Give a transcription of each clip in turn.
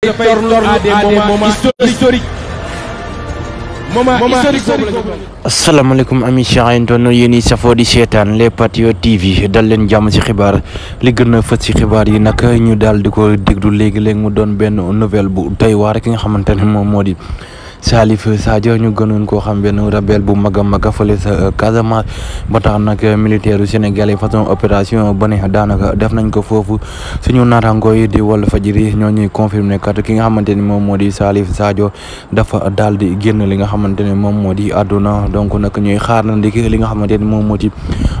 day torlu à des moments historiques di seetaan les patriotes tv dal leen jàmm ci xibaar li gën a fës ci xibaar yi nag ñu daal di ko déglu léegi-léegi mu doon benn nouvelle bu doy waar ki nga xamante ne moom moo di Salif Sadio ñu gënoon koo xam benn rebelle bu mag a mag a fële sa euh, Casamance ba tax nag euh, militaire yu Sénégal yi façon opération ba ne daanaka def nañ ko foofu suñu naataango yi di Walf Fadjri ñoo ñuy confirmer kat ki nga xamante ni moom moo di Salif Sadio dafa daal di génn li nga xamante ne moom moo di àdduna donc nag ñuy xaar na ndiki li nga xamante ni moom moo di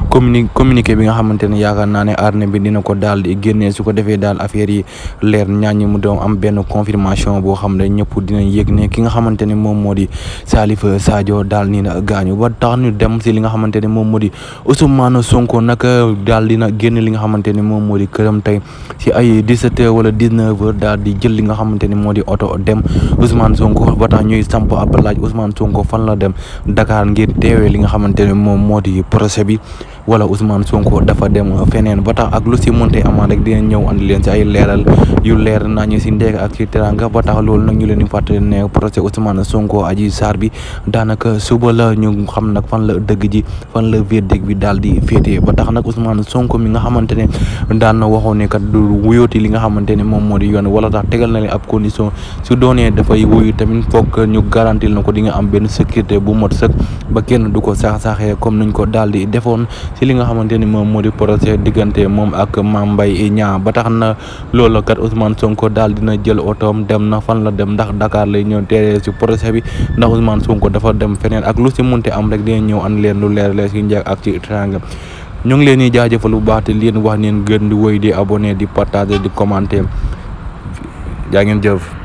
communi communiqué bi nga xamante ne yaakaar naa ne arne bi dina ko daal di génnee su ko defee daal affaire yi leer ñaañi mu doon am benn confirmation boo xam ne ñëpp dinañ yëg ne ki nga xamante ne moom moo di Salif Sadio daal nii a gaañu ba tax nu dem si li nga xamante ne moom moo di Ousmane Sonko nag daal dina génn li nga xamante ne moom moo di këram tey si ay 17 heures wala 19 heures daal di jël li nga xamante ne moo di oto dem Ousmane Sonko ba tax ñuy samp ab laaj Ousmane Sonko fan la dem Dakar ngir teewee li nga xamante ne moom moo di procès bi wala Ousmane Sonko dafa dem feneen ba tax ak lu si mënte amaan rek dinañ ñëw andi leen si ay leeral yu leer nañu si ndeeg ak si ba tax loolu nag ñu leen di fàttali ne procès Ousmane Sonko Adji Sarr bi daanaka suba la ñu xam nag fan la dëgg ji fan la verdict bi daal di féetee ba tax nag Ousmane Sonko mi nga xamante ne daan na waxoon ne kat wuyooti li nga xamante ne moom moo di yoon wala tax tegal na leen ab condition su doonee dafay wuyu tamit foog ñu garantil na ko di nga am benn sécurité bu mot sëkk ba kenn du ko sax saaxee comme nañ ko daal di defoon ci li nga xamante ni moom moo di procès diggante moom ak Mame Mbaye Niang ba tax na loolu kat Ousmane Sonko daal dina jël otoom dem na fan la dem ndax Dakar lay ñëw teeree ci procès bi ndax Ousmane Sonko dafa dem feneen ak lu ci munte am rek dina ñëw an leen lu leer leer ci njëkk ak ci teraanga ñu ngi leen di jaajëfal lu baax te leen wax neen gën di woy di abonné di partager di commenter jaa ngeen jëf